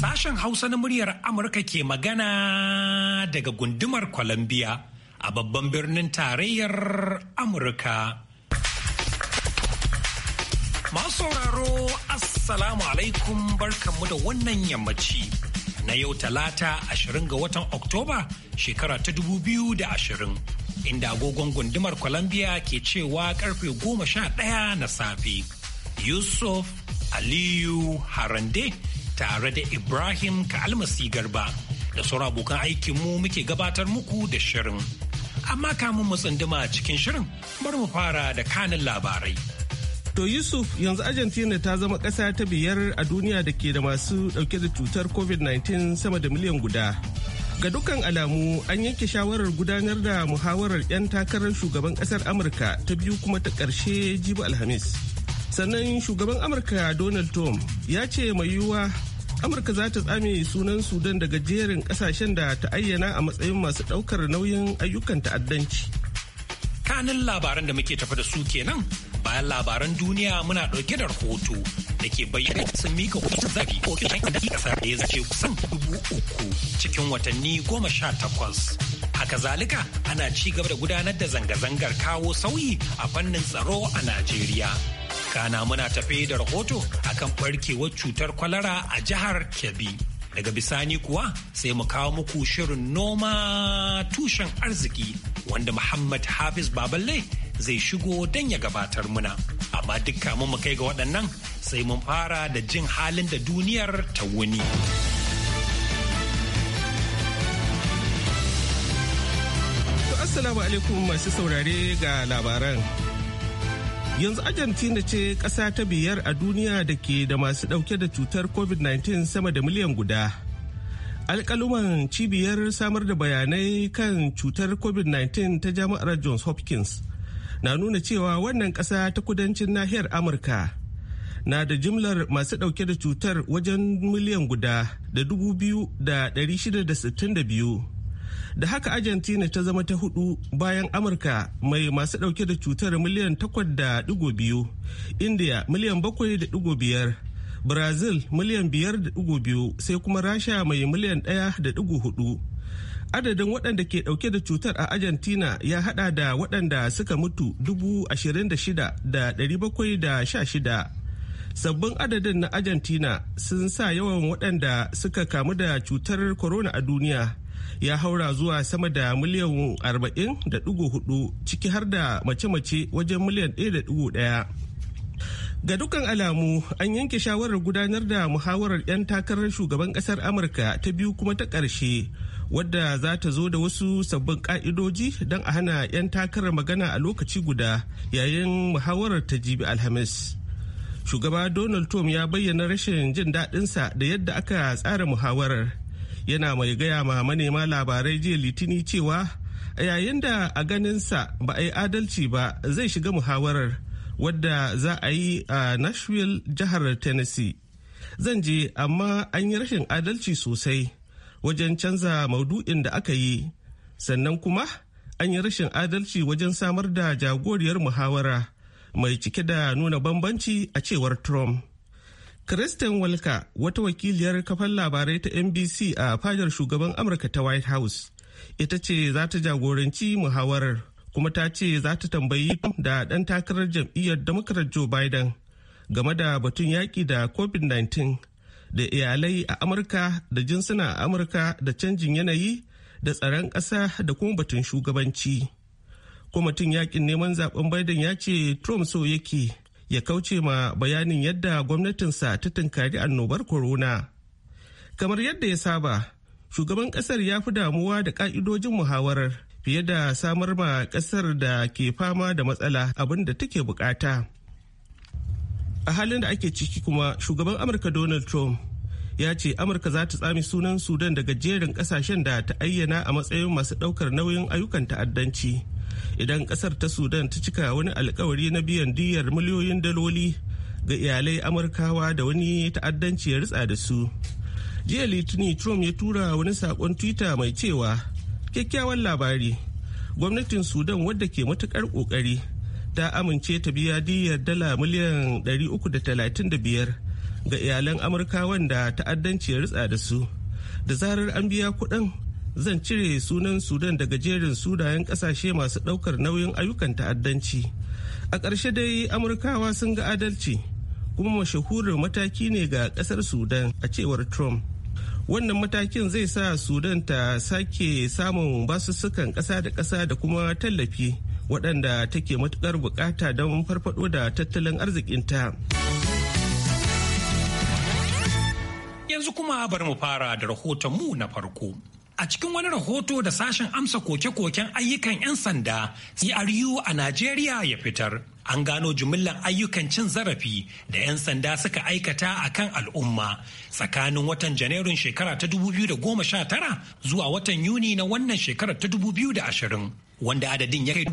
Sashen Hausa na muryar Amurka ke magana daga gundumar Columbia a babban birnin tarayyar Amurka. Masu sauraro Assalamu alaikum barkanmu da wannan yammaci na yau talata 20 ga watan Oktoba shekara ta 2020. inda agogon gundumar Columbia ke cewa karfe goma sha ɗaya na safe. Yusuf Aliyu Harande tare da Ibrahim Kalmasi Garba da sauran abokan aikinmu muke gabatar muku da shirin. Amma kamun mu tsunduma cikin shirin bari mu fara da kanin labarai. To Yusuf yanzu Argentina ta zama ƙasa ta biyar a duniya da ke da masu ɗauke da cutar COVID-19 sama da miliyan guda. Ga dukkan alamu an yanke shawarar gudanar da muhawarar 'yan takarar shugaban kasar Amurka ta biyu kuma ta ƙarshe jibi Alhamis. Sannan shugaban Amurka Donald Trump ya ce mai yiwuwa Amurka za ta tsame sunan Sudan daga jerin kasashen da ta ayyana a matsayin masu ɗaukar nauyin ayyukan ta'addanci. Kanin labaran da muke tafa da su kenan bayan labaran duniya muna ɗauke da rahoto da ke bayyana sun mika kuɗin zabi ko kin da ƙasa da ya zace kusan dubu uku cikin watanni goma sha takwas. Haka zalika ana ci gaba da gudanar da zanga-zangar kawo sauyi a fannin tsaro a Najeriya. Kana muna tafe da rahoto akan barkewar cutar kwalara a jihar Kebbi. daga bisani kuwa sai mu kawo muku shirin noma tushen arziki wanda muhammad hafiz baballe zai shigo don ya gabatar muna. amma dukka kai ga waɗannan sai mun fara da jin halin da duniyar ta wuni. Assalamu alaikum masu saurare ga labaran. Yanzu Argentina ce ƙasa ta biyar a duniya da ke da masu ɗauke da cutar COVID-19 sama da miliyan guda. Alƙaluman cibiyar samar da bayanai kan cutar COVID-19 ta jami'ar Johns Hopkins na nuna cewa wannan ƙasa ta kudancin nahiyar amurka na da jimlar masu ɗauke da cutar wajen miliyan guda da dubu biyu da ɗari shida da sittin da biyu da haka argentina ta zama ta hudu bayan amurka mai masu ɗauke da cutar miliyan takwas da ɗigo biyu india miliyan bakwai da ɗigo biyar brazil miliyan biyar da ɗigo biyu sai kuma rasha mai miliyan ɗaya da ɗigo hudu adadin waɗanda ke ɗauke da cutar a argentina ya hada da waɗanda suka mutu 26,716 sabbin adadin na argentina sun sa yawan waɗanda suka kamu da cutar corona a duniya ya haura zuwa sama da miliyan 40.4 ciki har da mace-mace wajen miliyan 1.1 ga dukkan alamu an yanke shawarar gudanar da muhawarar 'yan takarar shugaban kasar amurka ta biyu kuma ta ƙarshe wadda za ta zo da wasu sabbin ka'idoji don a hana 'yan takarar magana a lokaci guda yayin muhawarar ta jibi alhamis shugaba donald trump ya bayyana rashin jin daɗinsa da yadda aka tsara muhawarar yana mai gaya ma manema labarai jiya litini cewa a yayin da a ganinsa ba a yi adalci ba zai shiga muhawarar wadda za a yi a nashville jihar tennessee zan je amma an yi rashin adalci sosai wajen canza maudu'in da aka yi sannan kuma an yi rashin adalci wajen samar da jagoriyar muhawara mai cike da nuna bambanci a cewar trump kristen walka wata wakiliyar kafar labarai ta nbc a fadar shugaban amurka ta white house ita ce za ta jagoranci muhawarar kuma ta ce za ta tambayi da ɗan takarar jam'iyyar democrat joe biden game da batun yaƙi da covid-19 da iyalai a amurka da jinsuna a amurka da canjin yanayi da tsaron ƙasa da kuma batun shugabanci kwamitin yakin neman zaben biden ya ce trump so yake ya kauce ma bayanin yadda gwamnatinsa ta tunkari annobar corona kamar yadda ya saba shugaban ƙasar ya fi damuwa da ƙa'idojin muhawarar fiye da samar ma ƙasar da ke fama da matsala abin da take bukata. a halin da ake ciki kuma shugaban amurka donald trump ya ce amurka za ta tsami sunan sudan daga jerin kasashen da ta ayyana a matsayin masu daukar nauyin ayyukan ta'addanci idan kasar ta sudan ta cika wani alkawari na biyan diyar miliyoyin daloli ga iyalai amurkawa da wani ta'addanci ya ritsa da su jiya litinin trump ya tura wani saƙon twitter mai cewa kyakkyawan labari gwamnatin sudan wadda ke matukar ƙoƙari. ta amince ta biya diyar dala miliyan 335 ga iyalan amurka wanda ta'addanci ya ritsa da su da zarar an biya kuɗin zan cire sunan sudan daga jerin sunayen kasashe masu ɗaukar nauyin ayyukan ta'addanci a ƙarshe dai amurkawa sun ga adalci kuma mashahurin mataki ne ga ƙasar sudan a cewar trump wannan matakin zai sa sudan ta sake samun basussukan ƙasa da ƙasa da kuma tallafi waɗanda take matuƙar buƙata don farfaɗo da tattalin arzikinta. Yanzu kuma bari mu fara da rahoton mu na farko. a cikin wani rahoto da sashen amsa koke-koken ayyukan 'yan sanda CRU a Najeriya ya fitar. An gano jimillar ayyukan cin zarafi da 'yan sanda suka aikata a kan al'umma tsakanin watan Janairun shekara ta 2019 zuwa watan Yuni na wannan shekara ta 2020. wanda adadin ya kai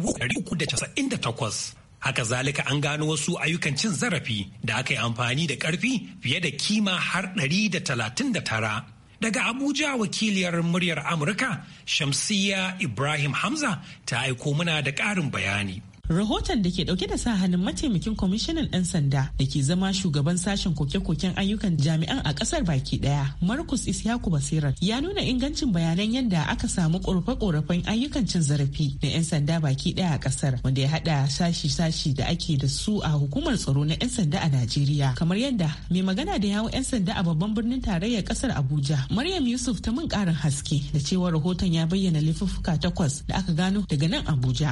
takwas. Haka zalika an gano wasu ayyukan cin zarafi da aka yi amfani da ƙarfi fiye da kima har ɗari da da tara. Daga Abuja wakiliyar muryar Amurka, Shamsiya Ibrahim Hamza ta aiko muna da ƙarin bayani. Rahoton da ke dauke da sa hannun mataimakin kwamishinan 'yan sanda da ke zama shugaban sashen koke-koken ayyukan jami'an a kasar baki daya Markus Isyaku basirar ya nuna ingancin bayanan yadda aka samu korafe-korafen ayyukan cin zarafi na 'yan sanda baki daya a kasar wanda ya hada sashi-sashi da ake da su a hukumar tsaro na 'yan sanda a Najeriya kamar yadda mai magana da yawo 'yan sanda a babban birnin tarayyar kasar Abuja Maryam Yusuf ta min karin haske da cewa rahoton ya bayyana laifuffuka takwas da aka gano daga nan Abuja.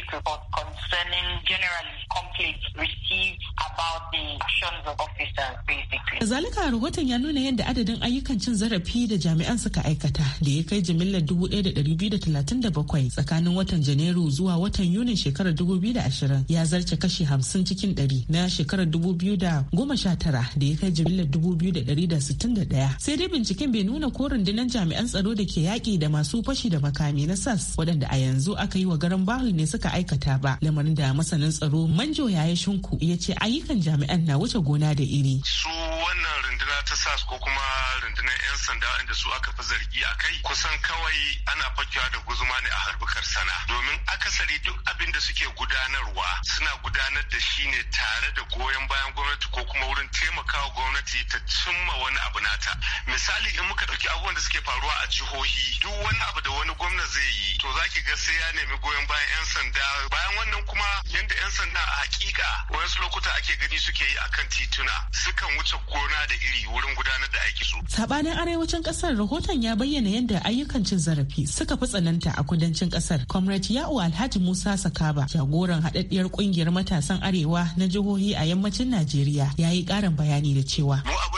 The specific report concerning generally complaints received about the actions of officers basically. Zalika rahoton ya nuna yadda adadin ayyukan cin zarafi da jami'an suka aikata da ya kai jimillar 1,237 tsakanin watan Janairu zuwa watan Yunin shekarar 2020 ya zarce kashi 50 cikin 100 na shekarar 2019 da ya kai jimillar 2,161. Sai dai binciken bai nuna ko rundunar jami'an tsaro da ke yaƙi da masu fashi da makami na SAS waɗanda a yanzu aka yi wa garin Bahul ne suka aikata ba lamarin da masanin tsaro manjo yaya shinku ya ce ayyukan jami'an na wuce gona da iri su wannan runduna ta sas ko kuma rundunar 'yan sanda inda su aka fi zargi a kai kusan kawai ana fakewa da guzuma ne a harbukar sana domin akasari duk abin da suke gudanarwa suna gudanar da shi ne tare da goyon bayan gwamnati ko kuma wurin taimakawa gwamnati ta cimma wani abu nata misali in muka ɗauki abubuwan da suke faruwa a jihohi duk wani abu da wani gwamna zai yi to zaki ga sai ya nemi goyon bayan 'yan sanda bayan wannan kuma yadda 'yan sanda a hakika wasu lokuta ake gani suke yi akan tituna sukan wuce gona da iri tasiri wurin gudanar da aiki su. Sabanin arewacin kasar rahoton ya bayyana yadda ayyukan cin zarafi suka fi tsananta a kudancin kasar. Comrade Ya'u Alhaji Musa Sakaba jagoran haɗaɗɗiyar ƙungiyar matasan arewa na jihohi a yammacin Najeriya ya yi ƙarin bayani da cewa. Mu abu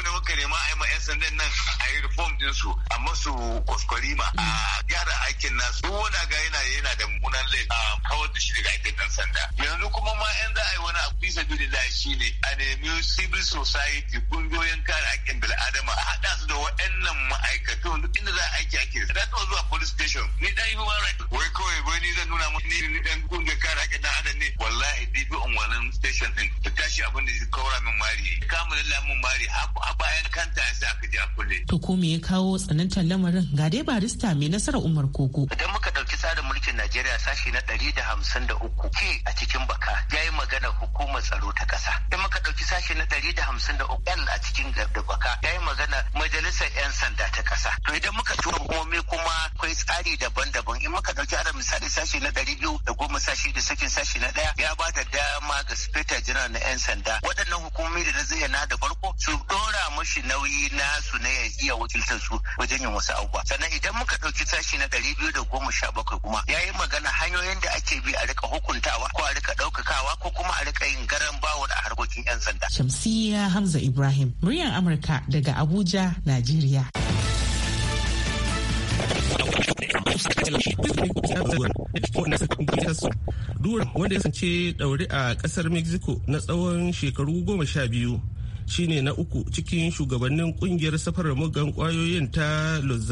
su a masu ma a gyara aikin nasu wani ga yana yana da munan lai a kawar da shi daga aikin nan sanda yanzu kuma ma yan za a yi wani abu bisa bi da shi ne a nemi civil society kungiyoyin kare aikin bil'adama a haɗa su da waannan ma'aikatu duk inda za a aiki ake da taɓa zuwa police station ni dan human rights wai kawai wai ni zan nuna muku ni dan kungiyar kare aikin dan adam ne wallahi dibi wannan station din ta tashi abin da ya kawara min mari kama lalla mun mari a bayan kanta ya sa aka je a kulle. to ko me ya kawo tsanantar lamarin ga dai barista mai nasarar umar koko. idan muka ɗauki tsarin mulkin najeriya sashi na ɗari da hamsin da uku ke a cikin baka ya yi magana hukumar tsaro ta ƙasa. In muka ɗauki sashe na ɗari da hamsin da uku a cikin gardabaka ya yi magana majalisar 'yan sanda ta ƙasa. To idan muka tura hukumomi kuma akwai tsari daban-daban in muka ɗauki adam misali sashe na ɗari biyu da goma sashe da sakin sashe na ɗaya ya ba da dama ga sifeta jiran na 'yan sanda waɗannan hukumomi da na zayyana da farko su ɗora mashi nauyi nasu na ya iya wakiltar su wajen yin wasu abubuwa. Sannan idan muka ɗauki sashe na ɗari biyu da goma sha bakwai kuma ya yi magana hanyoyin da ake bi a rika hukuntawa ko a rika ɗaukakawa ko kuma a rika matsayin garan a harkokin 'yan sanda. Shamsiyya Hamza Ibrahim, muryar Amurka daga Abuja, Najeriya. Duran wanda ya kasance ɗaure a ƙasar Mexico na tsawon shekaru goma sha biyu shine na uku cikin shugabannin ƙungiyar safar mugan kwayoyin ta Los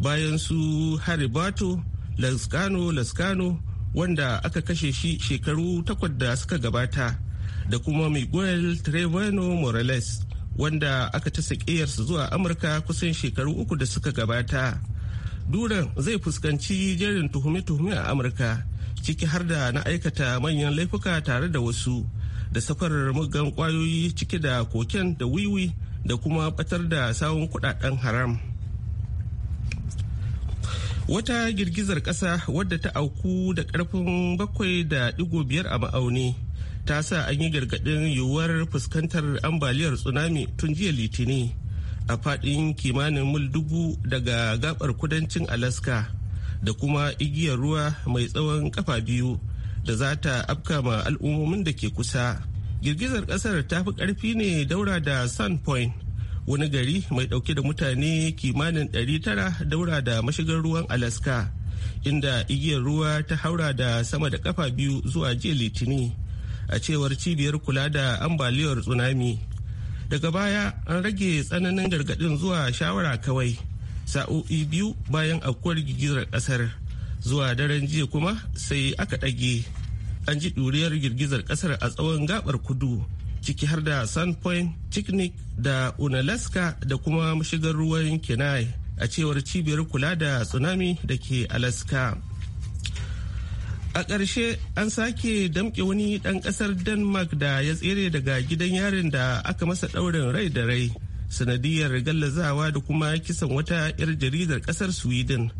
bayan su Haribato, Lascano, Lascano wanda aka kashe shi shekaru takwas da suka gabata da kuma miguel trevano morales wanda aka ta sakiyarsa zuwa amurka kusan shekaru uku da suka gabata duran zai fuskanci jerin tuhume-tuhume a amurka ciki har da na aikata manyan laifuka tare da wasu da safarar mugan kwayoyi cike da koken da wiwi da kuma batar da sawun kudaden haram wata girgizar ƙasa wadda ta auku da ƙarfin bakwai da digo biyar a ma'auni ta sa an yi gargaɗin yiwuwar fuskantar ambaliyar tsunami tun jiya litini a faɗin kimanin mil dubu daga gabar kudancin alaska da kuma igiyar ruwa mai tsawon kafa biyu da za ta afka ma al'ummomin da ke kusa girgizar ƙasar ta fi ƙarfi ne daura da sun point wani gari mai dauke da mutane kimanin 900 daura da mashigar ruwan alaska inda igiyar ruwa ta haura da sama da kafa biyu zuwa jiya litini a cewar cibiyar kula da ambaliyar tsunami daga baya an rage tsananin gargadin zuwa shawara kawai sa'o'i biyu bayan aukuwar girgizar kasar zuwa daren jiya kuma sai aka ɗage an ji duriyar girgizar kasar a tsawon gabar kudu ciki har da Sandpoint, Picnic da Unalaska da kuma mashigar ruwan Kenai a cewar cibiyar kula da tsunami da ke Alaska. A ƙarshe an sake damƙe wani ɗan ƙasar Denmark da ya tsere daga gidan yarin da aka masa ɗaurin rai da rai sanadiyar gallazawa da kuma kisan wata 'yar jaridar ƙasar Sweden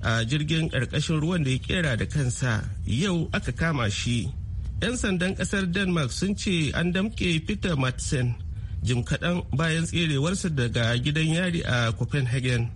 a jirgin ƙarƙashin ruwan da ya ƙera da kansa yau aka kama shi. 'yan sandan kasar denmark sun ce an damke peter madsen jim kaɗan bayan tserewarsa daga gidan yari a copenhagen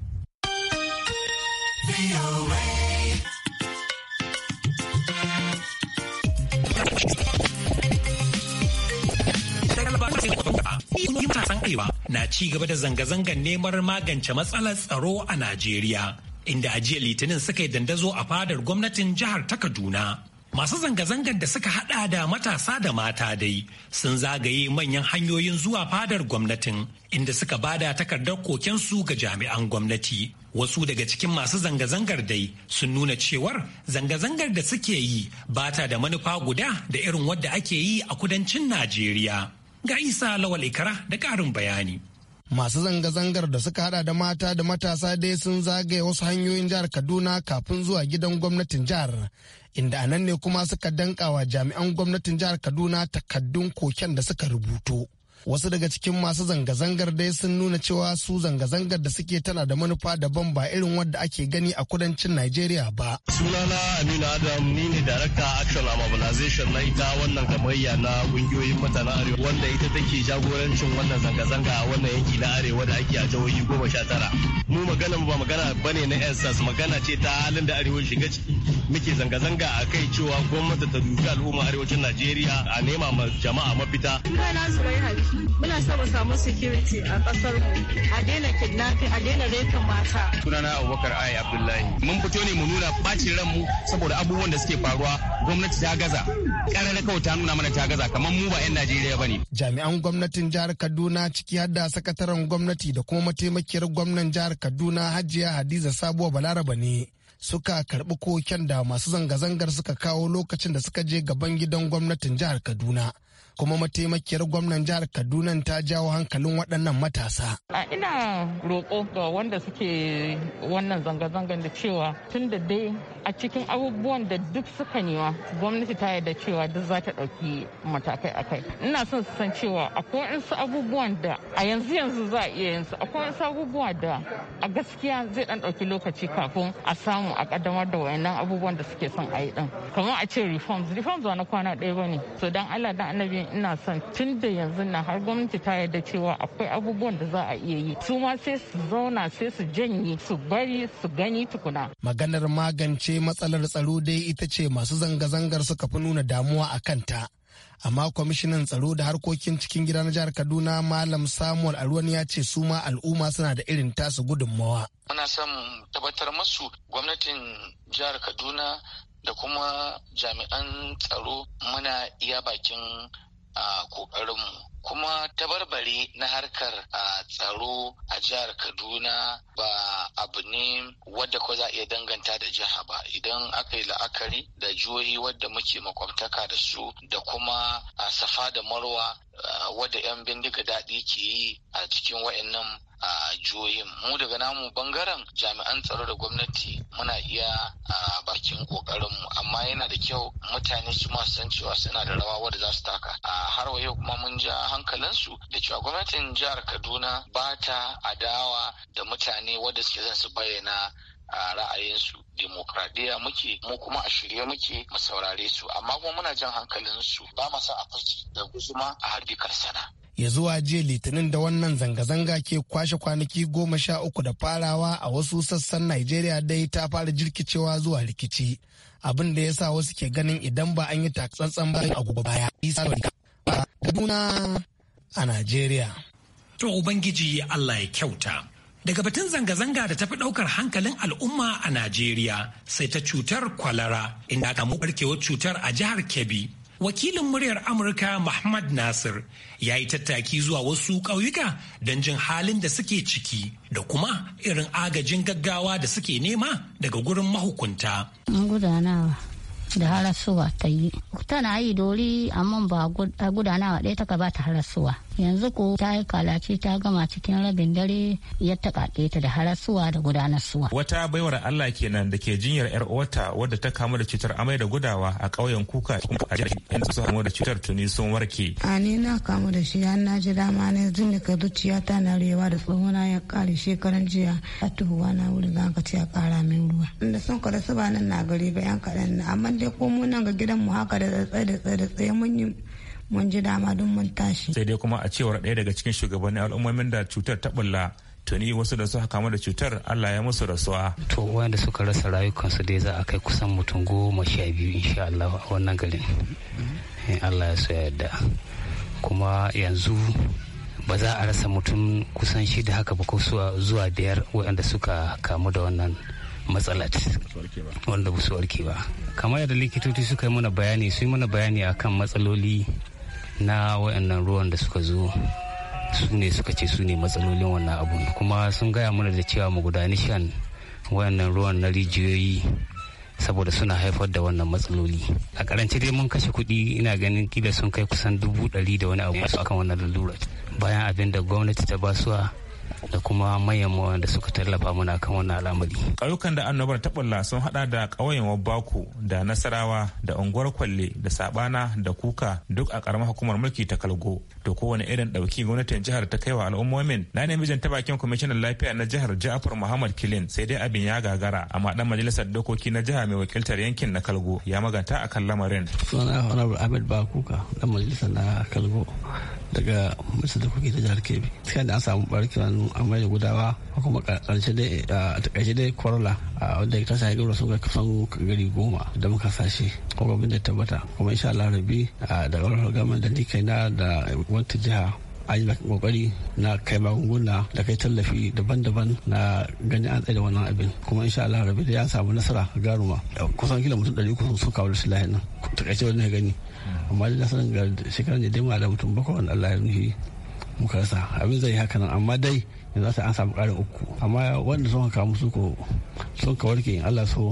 na ci gaba da zanga-zangar neman magance matsalar tsaro a Najeriya, inda a jiya Litinin suka yi dandazo a fadar gwamnatin jihar ta Kaduna. Masu zanga-zangar da suka hada da matasa da mata dai sun zagaye manyan hanyoyin zuwa fadar gwamnatin inda suka bada takardar kokensu ga jami'an gwamnati. Wasu daga cikin masu zanga-zangar dai sun nuna cewar zanga-zangar da suke yi ba ta da manufa guda da irin wadda ake yi a kudancin Najeriya. Ga Isa Lawal Ikara da ƙarin bayani. masu zanga-zangar da suka hada da mata da matasa dai sun zagaye wasu hanyoyin jihar kaduna kafin zuwa gidan gwamnatin jihar inda a ne kuma suka dankawa jami'an gwamnatin jihar kaduna takaddun koken da suka rubuto wasu daga cikin masu zanga-zangar dai sun nuna cewa su zanga-zangar da suke tana da manufa daban ba irin wadda ake gani a kudancin najeriya ba sunana aminu adam ni ne darakta action mobilization na ita wannan gamayya na kungiyoyin mutanen arewa wanda ita take jagorancin wannan zanga-zanga a wannan yanki na arewa da ake a jihohi goma sha tara mu magana ba magana bane na ensas magana ce ta halin da arewa shiga ciki muke zanga-zanga a kai cewa gwamnati ta dubi al'umma arewacin najeriya a nema jama'a mafita muna so mu samu security a kasar mu a daina kidnapping a daina rafin mata sunana abubakar ai abdullahi mun fito ne mu nuna bacin mu saboda abubuwan da suke faruwa gwamnati ta gaza karar kawai ta nuna mana ta gaza kamar mu ba yan najeriya bane jami'an gwamnatin jihar kaduna ciki har da sakataren gwamnati da kuma mataimakiyar gwamnan jihar kaduna hajiya hadiza sabuwa balaraba ne suka karbi koken da masu zanga-zangar suka kawo lokacin da suka je gaban gidan gwamnatin jihar kaduna kuma mataimakiyar gwamnan jihar kaduna ta jawo hankalin waɗannan matasa a ina roƙo ga wanda suke wannan zanga-zangan da cewa tun da dai a cikin abubuwan da duk suka nema gwamnati ta yarda cewa duk za ta ɗauki matakai akai ina son su san cewa akwai wasu abubuwan da a yanzu yanzu za a iya yin su akwai wasu abubuwa da a gaskiya zai ɗan ɗauki lokaci kafin a samu a ƙaddamar da wayannan abubuwan da suke son a yi ɗin kamar a ce reforms reforms wani kwana ɗaya ba ne so don allah dan annabi ne ina son tun da yanzu na har gwamnati ta yarda cewa akwai abubuwan da za a iya yi su ma sai su zauna sai su janye su bari su gani tukuna maganar magance matsalar tsaro dai ita ce masu zanga-zangar suka fi nuna damuwa a kanta amma kwamishinan tsaro da harkokin cikin gida na jihar kaduna malam samuel aruwan ya ce su ma al'umma suna da irin tasu gudunmawa muna son tabbatar masu gwamnatin jihar kaduna da kuma jami'an tsaro muna iya bakin a ƙoƙarinmu kuma tabarbare na harkar tsaro a jihar kaduna ba abu ne wadda ko za a iya danganta da jiha ba idan aka yi la'akari da jihohi wadda muke makwabtaka da su da kuma a safa da marwa wadda 'yan bindiga daɗi ke yi a cikin wa'annan a jihohin mu daga namu bangaren jami'an tsaro da gwamnati muna iya a bakin kokarinmu amma yana da kyau mutane su masu san cewa suna da rawa wadda za su taka a har wa yau kuma mun ja hankalinsu da cewa gwamnatin jihar kaduna ba ta adawa da mutane wadda suke zan su bayyana a ra'ayinsu demokradiyya muke mu kuma a shirye muke mu saurare su amma kuma muna jan hankalinsu ba masa sa a da guzuma a harbi karsana ya zuwa jiya litinin da wannan zanga-zanga ke kwashe kwanaki goma sha uku da farawa a wasu sassan Najeriya dai ta fara jirkicewa zuwa rikici abin da ya sa wasu ke ganin idan ba an yi takatsantsan ba a gobe baya Kaduna a Najeriya. To Ubangiji Allah ya kyauta. Daga batun zanga-zanga da tafi ɗaukar hankalin al'umma a Najeriya sai ta cutar kwalara inda kamu barkewar cutar a jihar Kebbi. wakilin muryar amurka muhammad nasir ya yi tattaki zuwa wasu ƙauyuka don jin halin da suke ciki da kuma irin agajin gaggawa da suke nema daga gurin mahukunta gudanawa da harasuwa ta yi tana yi dori amma ba a gudanawa ɗaya ta ba ta harasuwa yanzu ko ta yi kalace ta gama cikin rabin dare ya taƙaƙe ta da harasuwa da gudanarsuwa. Wata baiwar Allah kenan da ke jinyar 'yar uwarta wadda ta kamu da cutar amai da gudawa a ƙauyen kuka yan su kamu da cutar tuni sun warke. A ni na kamu da shi an na ji dama ne zun zuciya ta na rewa da tsohona ya ƙare shekaran jiya a tuhuwa na wuri ga ka ce a ƙara min ruwa. Inda sun kada su ba nan na gari ba yan kaɗan amma dai ko mu nan ga gidan mu haka da tsaye da tsaye mun yi mun ji dama don mun tashi. Sai dai kuma a cewar ɗaya daga cikin shugabannin al'ummomin da cutar ta bulla tuni wasu da suka kamu da cutar Allah ya musu rasuwa. To wanda suka rasa rayukansu dai za a kai kusan mutum goma sha biyu insha Allah a wannan garin. In eh, Allah ya soya yadda Kuma yanzu ba za a rasa mutum kusan shida haka ba ko zuwa biyar waɗanda suka kamu da wannan matsalat wanda ba su warke ba kamar yadda likitoci suka yi mana bayani su yi mana bayani akan matsaloli na wayannan ruwan da suka zo su ne suka ce su ne matsalolin wannan abun kuma sun gaya mana da cewa mu gudani shan wayannan ruwan na rijiyoyi saboda suna haifar da wannan matsaloli a karance dai mun kashe kuɗi ina ganin kila sun kai kusan dubu ɗari da wani abu akan wannan lalura bayan abin da gwamnati ta basuwa da kuma manyan da suka tallafa muna kan wannan al'amari. Ƙauyukan da annobar ta bulla sun hada da ƙauyen Wabbako da Nasarawa da unguwar Kwalle da Sabana da Kuka duk a ƙaramar hukumar mulki ta Kalgo. To kowane irin ɗauki gwamnatin jihar ta kaiwa al'ummomin na nemi ta bakin kwamishinan lafiya na jihar Ja'far Muhammad Kilin sai dai abin ya gagara amma dan majalisar dokoki na jiha mai wakiltar yankin na Kalgo ya maganta akan lamarin. Sunana Honorable Ahmed Bakuka dan majalisar na Kalgo. daga masu da kuke da jihar kebbi cikin da an samu a mai da gudawa kuma karshe dai a takaice dai a wanda ya tashi rasu sun kusan gari goma da muka sashe ko da tabbata kuma insha Allah rabi da ƙwararra gama da ni na da wata jiha an yi kokari na kai magunguna da kai tallafi daban-daban na ganin an tsaye da wannan abin kuma insha Allah rabi da ya samu nasara garuma kusan kila mutum ɗari kusan sun kawo da lahi nan takaice wani gani amma da nasarar ga shekarar da dai da mutum bakwai wanda Allah ya nufi muka rasa abin zai haka nan amma dai yanzu an samu ƙarin uku amma wanda sun kawo musu ko sun ka warke in Allah so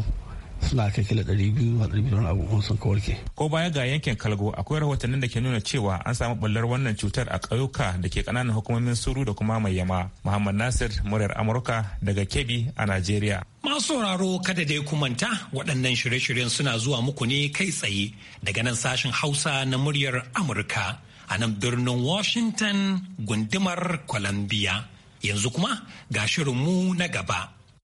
suna kai kila ɗari biyu a ɗari biyu abu sun ke. ko baya ga yankin kalgo akwai rahotannin da ke nuna cewa an samu ɓullar wannan cutar a ƙauyuka da ke ƙananan hukumomin suru da kuma mai yama muhammad nasir muryar amurka daga kebbi a najeriya. masu sauraro kada dai kumanta waɗannan shirye-shiryen suna zuwa muku ne kai tsaye daga nan sashen hausa na muryar amurka a nan birnin washington gundumar columbia yanzu kuma ga shirinmu na gaba.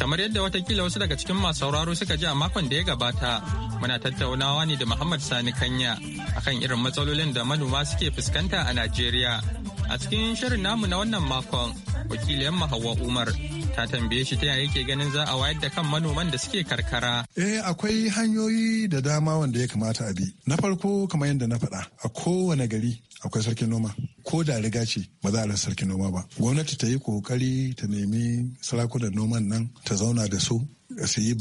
Kamar yadda watakila wasu daga cikin masu sauraro suka ji a makon da ya gabata, muna tattaunawa ne da Muhammad Sani Kanya akan irin matsalolin da manoma suke fuskanta a Najeriya. A cikin shirin namu na wannan makon, wakiliyan Hauwa Umar ta tambaye shi ta yaya yake ganin za a wayar da kan manoman da suke karkara. Eh akwai hanyoyi da dama wanda ya kamata a bi. Na farko kamar yadda na faɗa a kowane gari akwai sarkin noma ko da riga ce ba za a rasa sarkin noma ba. Gwamnati ta yi kokari ta nemi sarakunan noman nan ta zauna da su su yi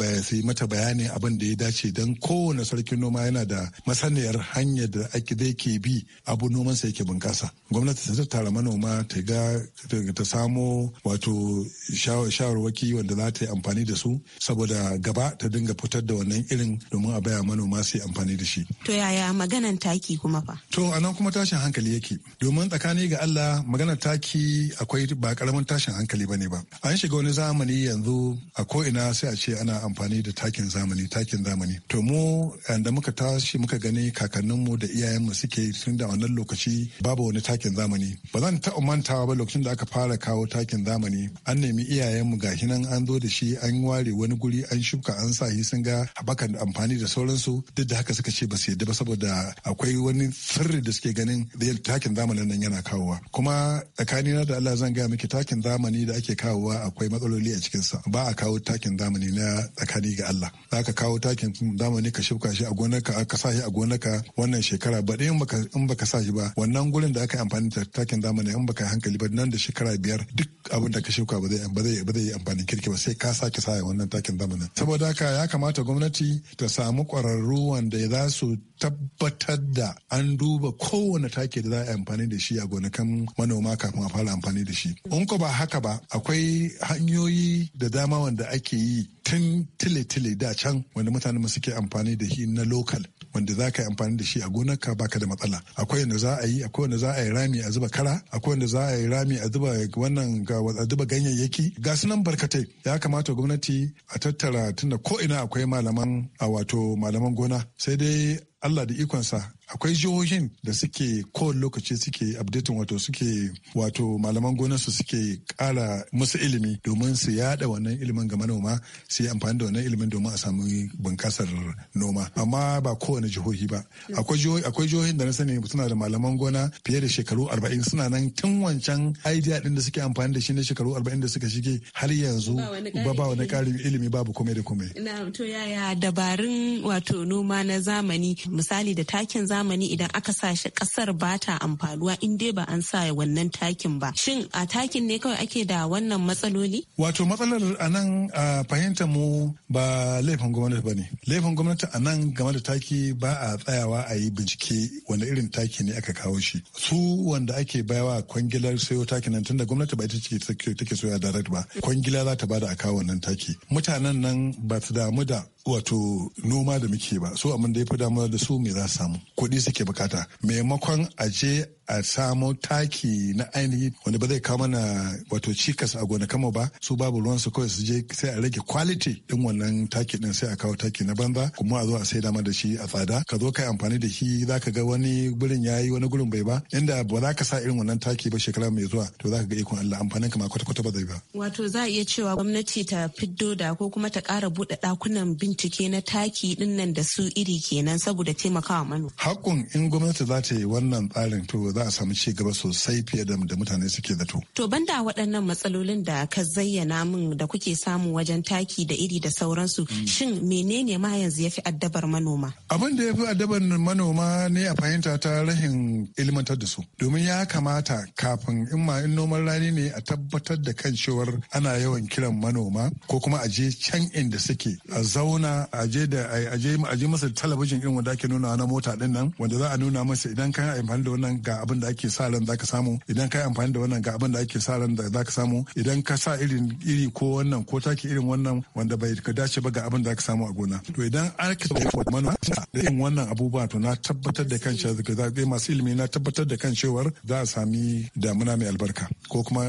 mata bayani abin da ya dace don kowane sarkin noma yana da masaniyar hanyar da ake da yake bi abu noman sa yake bunkasa gwamnati ta tattara manoma ta ga ta samo wato shawarwaki wanda za ta yi amfani da su saboda gaba ta dinga fitar da wannan irin domin a baya manoma su yi amfani da shi to yaya maganan taki kuma fa to anan kuma tashin hankali yake domin tsakani ga Allah maganar taki akwai ba karamin tashin hankali bane ba an shiga wani zamani yanzu a ko ina sai a ce ce ana amfani da takin zamani takin zamani to mu eh, da muka tashi muka gani kakanninmu da iyayenmu suke tun da wannan lokaci babu wani takin zamani ba zan taɓa mantawa ba lokacin da aka fara kawo takin zamani an nemi iyayenmu ga hinan an zo da shi an ware wani guri an shuka an sa shi sun ga haɓakan amfani da sauransu duk da haka suka ce ba su yadda ba saboda akwai wani sirri da suke ganin takin zamanin nan yana kawowa kuma tsakanina da Allah zan gaya miki takin zamani da ake kawowa akwai matsaloli a cikinsa ba a kawo takin zamani na tsakani ga Allah za ka kawo takin zamani ka shuka shi a gonarka ka sa shi a gonarka wannan shekara ba in baka in baka sa shi ba wannan gurin da aka yi amfani da takin zamani in baka hankali ba nan da shekara biyar duk abin da ka shuka ba zai ba zai ba zai yi amfani kirki ba sai ka sake sa wannan takin zamani saboda haka ya kamata gwamnati ta samu kwararru wanda za su tabbatar da an duba kowane take da za a yi amfani da shi a gonakan manoma kafin a fara amfani da shi in ko ba haka ba akwai hanyoyi da dama wanda ake yi tun tile-tile da can wanda mutane suke amfani da shi na lokal wanda za ka yi amfani da shi a gonarka baka da matsala akwai wanda za a yi akwai wanda za a yi rami a zuba kara akwai wanda za a yi rami a zuba wannan a zuba ganyayyaki ga sunan barkatai ya kamata gwamnati a tattara tunda ko ina akwai malaman a wato malaman gona sai dai Allah da ikonsa akwai jihohin da suke kowane lokaci suke updating wato suke wato malaman su suke kara musu ilimi domin su yada wannan ilimin ga manoma su yi amfani da wannan ilimin domin a samu bunkasar noma amma ba kowane jihohi ba akwai jihohin da na sani suna da malaman gona fiye da shekaru arba'in suna nan tun wancan idea din da suke amfani da shi na shekaru arba'in da suka shige har yanzu ba ba wani karin ilimi babu komai da komai. Na to yaya dabarun wato noma na zamani misali da takin zamani zamani idan aka sa shi kasar ba ta amfaluwa in dai ba an sa wannan takin ba shin a takin ne kawai ake da wannan matsaloli wato matsalar a nan a fahimta mu ba laifin gwamnati ba ne laifin gwamnati a nan game da taki ba a tsayawa a yi bincike wanda irin taki ne aka kawo shi su wanda ake bayawa kwangilar sayo taki nan tunda gwamnati ba ita ce take soya direct ba kwangila za ta bada a kawo wannan taki mutanen nan ba su damu da wato noma da muke ba so amma da ya fi damar da su me za su samu kuɗi suke bukata maimakon a je a samo taki na ainihi wanda ba zai kawo mana wato cikas a gona kama ba su babu ruwan su kawai su je sai a rage quality din wannan taki din sai a kawo taki na banza kuma a zo a sai dama da shi a tsada ka zo kai amfani da shi zaka ga wani gurin yayi wani gurin bai ba inda ba za ka sa irin wannan taki ba shekara mai zuwa to zaka ga ikon Allah amfanin ka ma kwata kwata ba zai ba wato za a iya cewa gwamnati ta fiddo da ko kuma ta ƙara buɗe ɗakunan bincike na taki din nan da su iri kenan saboda taimakawa manoma hakkun in gwamnati za ta yi wannan tsarin to za a samu ci gaba sosai fiye da da mutane suke zato. To banda waɗannan matsalolin da ka zayyana min da kuke samu wajen taki da iri da sauransu mm. shin menene ma yanzu yafi addabar manoma? Abin da ya fi addabar manoma ne a fahimta ta rahin ilmantar da su. Domin ya kamata kafin in ma in noman rani ne a tabbatar da kan cewar ana yawan kiran manoma ko kuma a je can inda suke a zauna a je da a je masa talabijin irin wanda ake nuna na mota din nan wanda za a nuna masa idan kan amfani da wannan ga abin da ake sa ran zaka samu idan ka yi amfani da wannan ga abin da ake sa ran da zaka samu idan ka sa irin iri ko wannan ko taki irin wannan wanda bai ka dace ba ga abin da zaka samu a gona to idan aka manoma da irin wannan abubuwa to na tabbatar da kan cewa zai masu ilimi na tabbatar da kan cewar za a sami damuna mai albarka ko kuma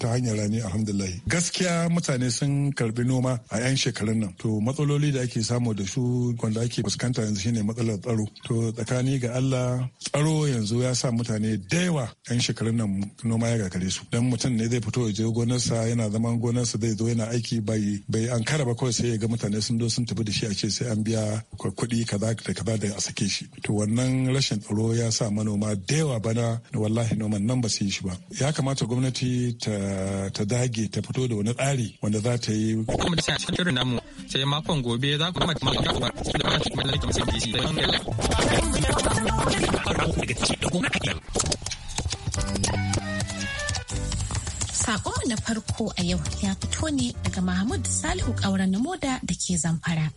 ta hanyar rani alhamdulillah gaskiya mutane sun karbi noma a 'yan shekarun nan to matsaloli da ake samu da su wanda ake fuskanta yanzu shine matsalar tsaro to tsakani ga Allah tsaro yanzu ya sa mutane da yawa yan shekarun nan noma ya gagare su dan mutum ne zai fito ya je gonarsa yana zaman gonarsa zai zo yana aiki bai bai an kara ba kawai sai ya ga mutane sun zo sun tafi da shi a ce sai an biya kuɗi kaza da kaza da a sake shi to wannan rashin tsaro ya sa manoma da yawa bana wallahi noman nan ba su yi shi ba ya kamata gwamnati ta dage ta fito da wani tsari wanda za ta yi Sakonmu na farko a yau ya fito ne daga Mahmud Salihu ƙauren moda da ke zamfara,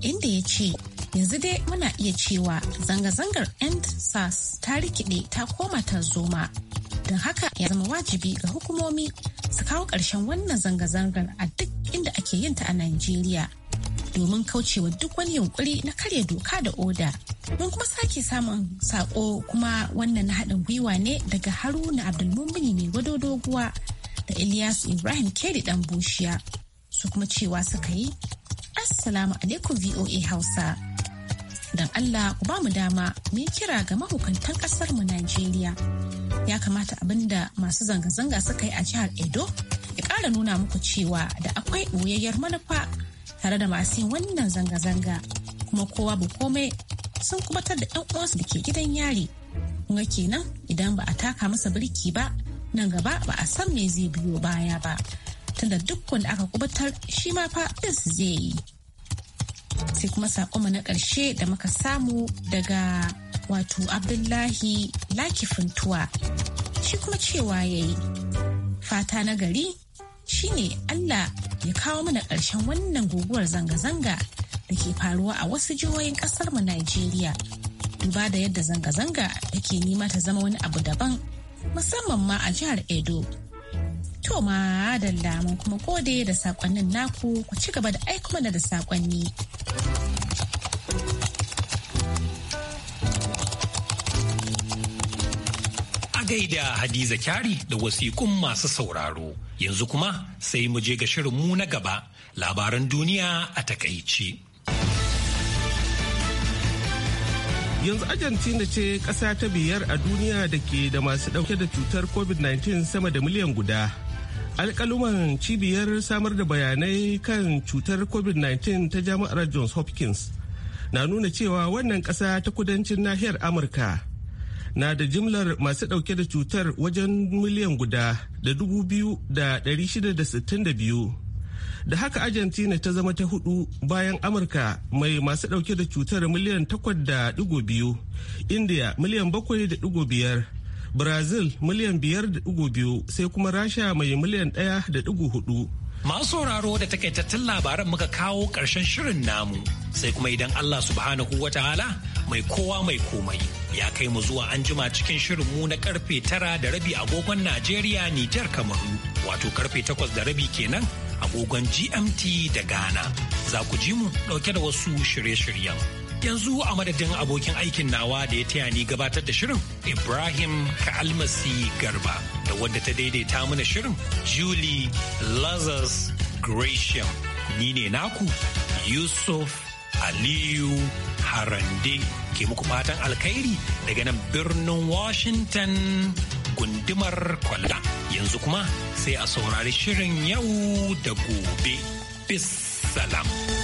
inda ya ce yanzu dai muna iya cewa zanga-zangar end sars ta rikide ta koma ta zoma don haka ya zama wajibi ga hukumomi su kawo ƙarshen wannan zanga-zangar a duk inda ake yinta a Najeriya domin kaucewa duk wani yunkuri na karya doka da oda. Mun kuma sake samun sako kuma wannan na haɗin gwiwa ne daga Haruna Abdulmumini mai gwado doguwa da Ilyas Ibrahim Keri ɗan bushiya. Su kuma cewa suka yi Assalamu alaikum VOA Hausa. dan Allah ku ba mu dama mu kira ga mahukuntan ƙasar mu Najeriya. Ya kamata abinda masu zanga-zanga suka yi a jihar Edo ya ƙara nuna muku cewa da akwai ɓoyayyar manufa tare da masu yin wannan zanga-zanga kuma kowa ba komai sun kubatar da 'yan uwansu da ke gidan yari kuma kenan idan ba a taka masa birki ba nan gaba ba a san me zai biyo baya ba tunda duk wanda aka kubatar shi ma fa zai yi sai kuma sakonmu na ƙarshe da muka samu daga wato abdullahi lakifintuwa shi kuma cewa ya yi fata na gari shine Allah ya kawo mana ƙarshen wannan guguwar zanga-zanga da ke faruwa a wasu jihohin ƙasar mu Najeriya. Duba da yadda zanga-zanga take nema ta zama wani abu daban musamman ma a jihar Edo. To ma da mun kuma gode da saƙonnin naku ku ci gaba da aiko mana da saƙonni. da Hadiza Kyari da wasiƙun masu sauraro. Yanzu kuma sai mu je ga mu na gaba labaran duniya a takaici. Yanzu Argentina ce ƙasa ta biyar a duniya da ke da masu ɗauke da cutar COVID-19 sama da miliyan guda. Alkaluman cibiyar samar da bayanai kan cutar COVID-19 ta jami'ar Johns Hopkins na nuna cewa wannan ƙasa ta kudancin nahiyar Amurka. na da jimlar masu ɗauke da cutar wajen miliyan guda da dubu biyu da ɗari shida da sittin da biyu. Da haka Argentina ta zama ta hudu bayan Amurka mai masu ɗauke da cutar miliyan takwas da digo biyu, India miliyan bakwai da digo biyar, Brazil miliyan biyar da digo biyu sai kuma Rasha mai miliyan ɗaya da digo hudu. Masu sauraro da takaitattun labaran muka kawo ƙarshen shirin namu sai kuma idan Allah subhanahu wa ta'ala mai kowa mai komai ya kai mu zuwa anjima cikin shirin mu na karfe tara da rabi agogon Najeriya Nijar Kamaru wato karfe takwas da rabi kenan agogon GMT da Ghana za ku ji mu ɗauke da wasu shirye-shiryen. yanzu a madadin abokin aikin nawa da ya taya ni gabatar da shirin ibrahim kalmasi garba da wadda ta daidaita mana shirin julie lazarus gratiam ni ne naku yusuf aliyu harande ke muku fatan alkhairi daga nan birnin washington gundumar kwalla yanzu kuma sai a saurari shirin yau da gobe bis salam.